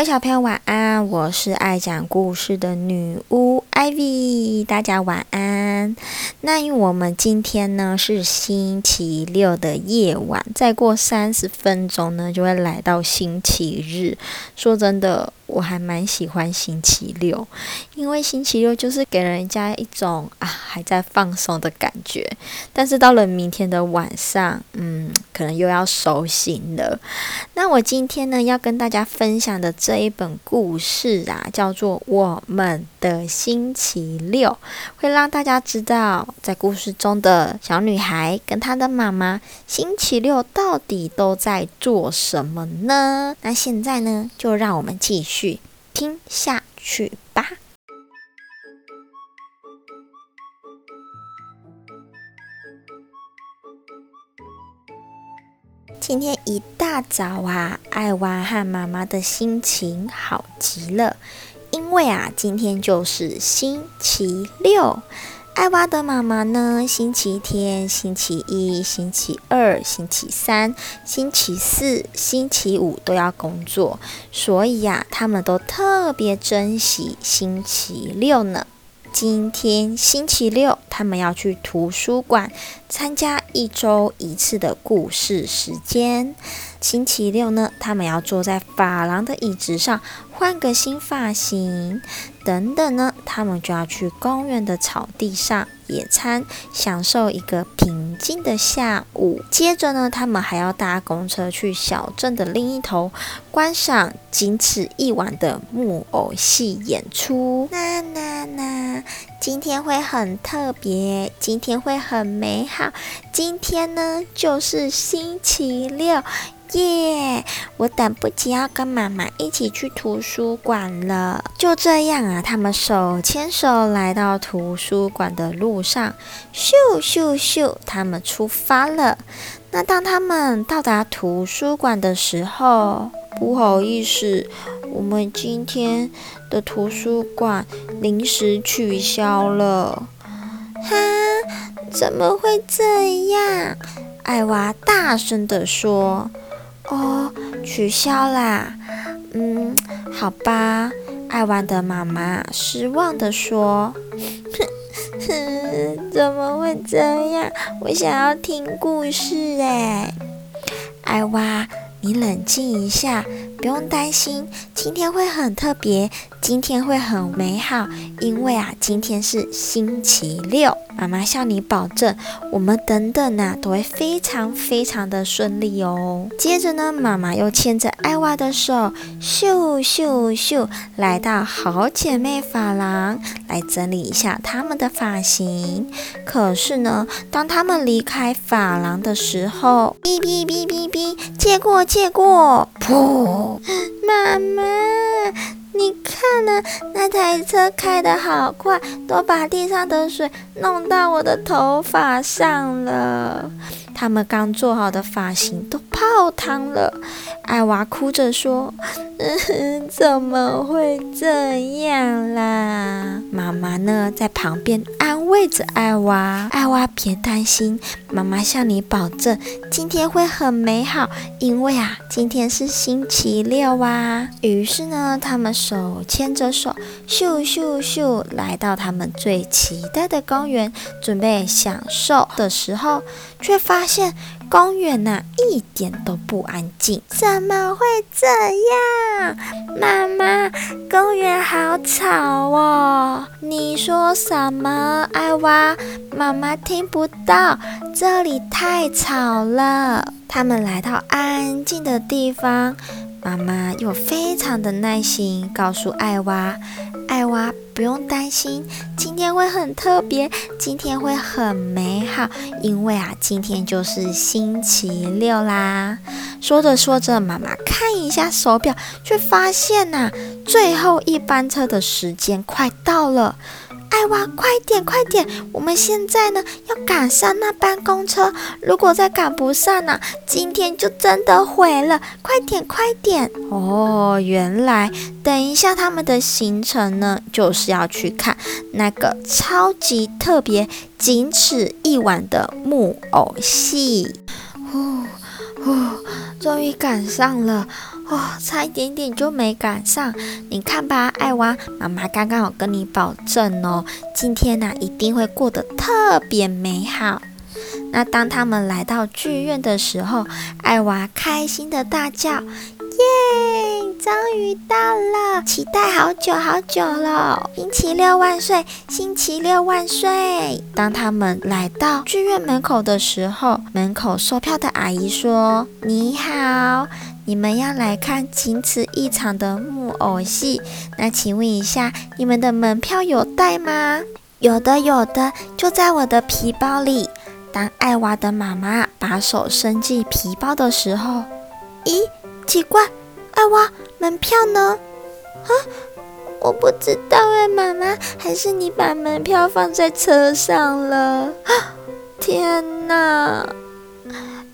各位小朋友晚安，我是愛講故事的女巫艾薇，大家晚安。那因為我們今天呢是星期六的夜晚，再過三十分鐘呢就會來到星期日，說真的。我還蠻喜歡星期六，因為星期六就是給人家一種啊還在放鬆的感覺。但是到了明天的晚上，嗯，可能又要收心了。那我今天呢要跟大家分享的這一本故事啊，叫做《我們的星期六》，會讓大家知道在故事中的小女孩跟她的媽媽星期六到底都在做什麼呢？那現在呢，就讓我們繼續。去聽下去吧。今天一大早啊，艾娃和媽媽的心情好極了，因為啊，今天就是星期六。艾娃的媽媽呢，星期天、星期一、星期二、星期三、星期四、星期五都要工作，所以呀、啊，他們都特別珍惜星期六呢。今天星期六，他們要去圖書館參加一周一次的故事時間。星期六呢，他們要坐在髮廊的椅子上，換個新髮型，等等呢。他們就要去公園的草地上野餐，享受一個平靜的下午。接着呢，他們還要搭公車去小鎮的另一頭，觀賞僅此一晚的木偶戲演出。那那那，今天會很特別，今天會很美好。今天呢，就是星期六。耶！Yeah, 我等不及要跟媽媽一起去圖書館了。就這樣啊，他們手牽手來到圖書館的路上，咻咻咻，他們出發了。那當他們到達圖書館的時候，不好意思，我們今天的圖書館臨時取消了。哈？怎麼會這樣？艾娃大聲地說。取消啦，嗯，好吧。艾娃的媽媽失望地說：“哼哼，怎麼會這樣？我想要聽故事哎。”艾娃，你冷靜一下，不用擔心。今天會很特別，今天會很美好，因為啊，今天是星期六。媽媽向你保證，我們等等吶、啊，都會非常非常的順利哦。接着呢，媽媽又牽着艾娃的手，咻咻咻，來到好姐妹髮廊，來整理一下她們的髮型。可是呢，當她們離開髮廊的時候，嗶嗶嗶嗶嗶，借過借過，噗，媽媽。啊！你看呢，啊，那台車開得好快，都把地上的水弄到我的頭髮上了。他們剛做好的髮型都泡湯了，艾娃哭着說呵呵：“怎麼會這樣啦？”媽媽呢在旁邊安慰着艾娃：“艾娃別擔心，媽媽向你保證，今天會很美好，因為啊，今天是星期六啊。”於是呢，他們手牽着手，咻咻咻，來到他們最期待的公園，準備享受的時候，卻發現。現公園吶、啊、一點都不安靜，怎麼會這樣？媽媽，公園好吵哦！你說什麼？艾娃，媽媽聽不到，這裡太吵了。他們來到安靜的地方，媽媽又非常的耐心告訴艾娃，艾娃。不用擔心，今天會很特別，今天會很美好，因為啊，今天就是星期六啦。說着說着，媽媽看一下手表，卻發現吶、啊，最後一班車的時間快到了。哇，快點快點！我們現在呢，要趕上那班公車，如果再趕不上呢、啊，今天就真的毀了。快點快點！哦，原來等一下他們的行程呢，就是要去看那個超級特別、僅此一晚的木偶戲。呼呼，終於趕上了。哦，差一點點就沒趕上。你看吧，艾娃，媽媽剛剛好跟你保證哦，今天呢、啊、一定會過得特別美好。那當他們來到劇院的時候，艾娃開心地大叫：“耶！”終於到了，期待好久好久了。星期六萬歲，星期六萬歲。當他們來到劇院門口的時候，門口售票的阿姨說：“你好，你們要來看僅此一場的木偶戲？那請問一下，你們的門票有帶嗎？”“有的，有的，就在我的皮包裡。”當艾娃的媽媽把手伸進皮包的時候，咦，奇怪，艾娃。門票呢？啊，我不知道哎、欸，媽媽，還是你把門票放在車上了？天哪！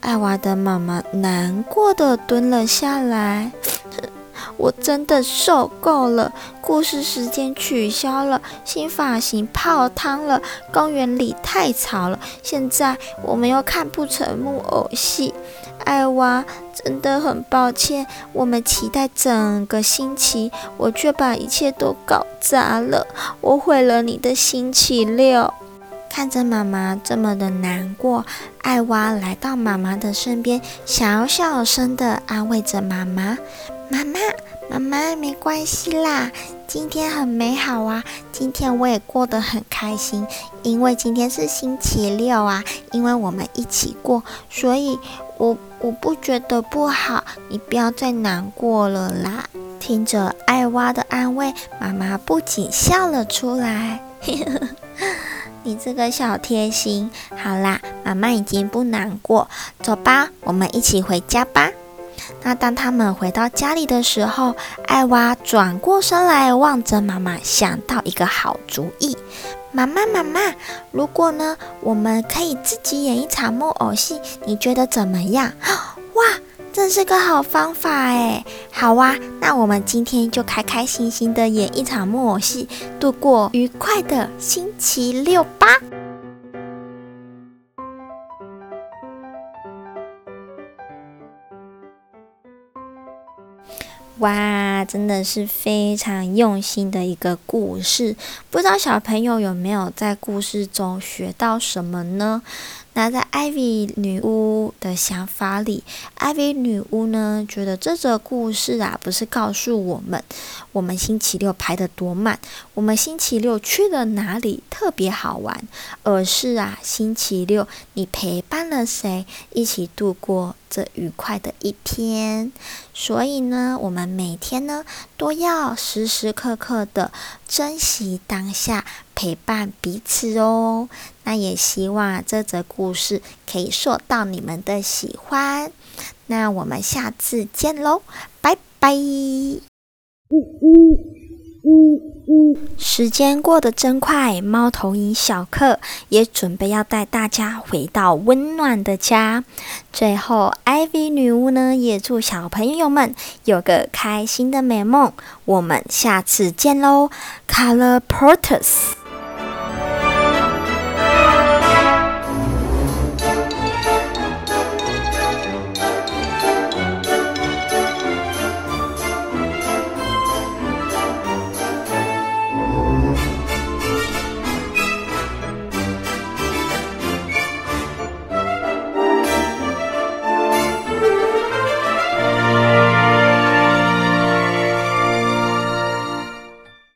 艾娃的媽媽難過的蹲了下來。我真的受夠了，故事時間取消了，新髮型泡湯了，公園裡太吵了，現在我們又看不成木偶戲。艾娃，真的很抱歉，我們期待整個星期，我卻把一切都搞砸了，我毀了你的星期六。看着媽媽這麼的難過，艾娃來到媽媽的身邊，小小聲的安慰着媽媽：“媽媽，媽媽沒關係啦，今天很美好啊，今天我也過得很開心，因為今天是星期六啊，因為我們一起過，所以我我不覺得不好，你不要再難過了啦。”聽着艾娃的安慰，媽媽不禁笑了出來。呵呵你這個小貼心，好啦，媽媽已經不難過，走吧，我們一起回家吧。那當他們回到家裡的時候，艾娃轉過身來望着媽媽，想到一個好主意。媽媽，媽媽，如果呢，我們可以自己演一場木偶戲，你覺得怎麼樣？哇！真是個好方法哎！好哇，那我們今天就開開心心的演一場木偶戲，度過愉快的星期六吧！哇，真的是非常用心的一個故事，不知道小朋友有沒有在故事中學到什麼呢？那在艾薇女巫的想法裡，艾薇女巫呢覺得這則故事啊，不是告訴我們，我們星期六排得多滿，我們星期六去了哪裡特別好玩，而是啊，星期六你陪伴了誰一起度過這愉快的一天。所以呢，我們每天呢都要時時刻刻的珍惜當下。陪伴彼此哦，那也希望這則故事可以受到你們的喜歡。那我們下次見嘍，拜拜。嗚嗚嗚嗚，嗯嗯嗯，時間過得真快，貓頭鷹小克也準備要帶大家回到溫暖的家。最後，Ivy 女巫呢也祝小朋友們有個開心的美夢。我們下次見嘍，Colloportus。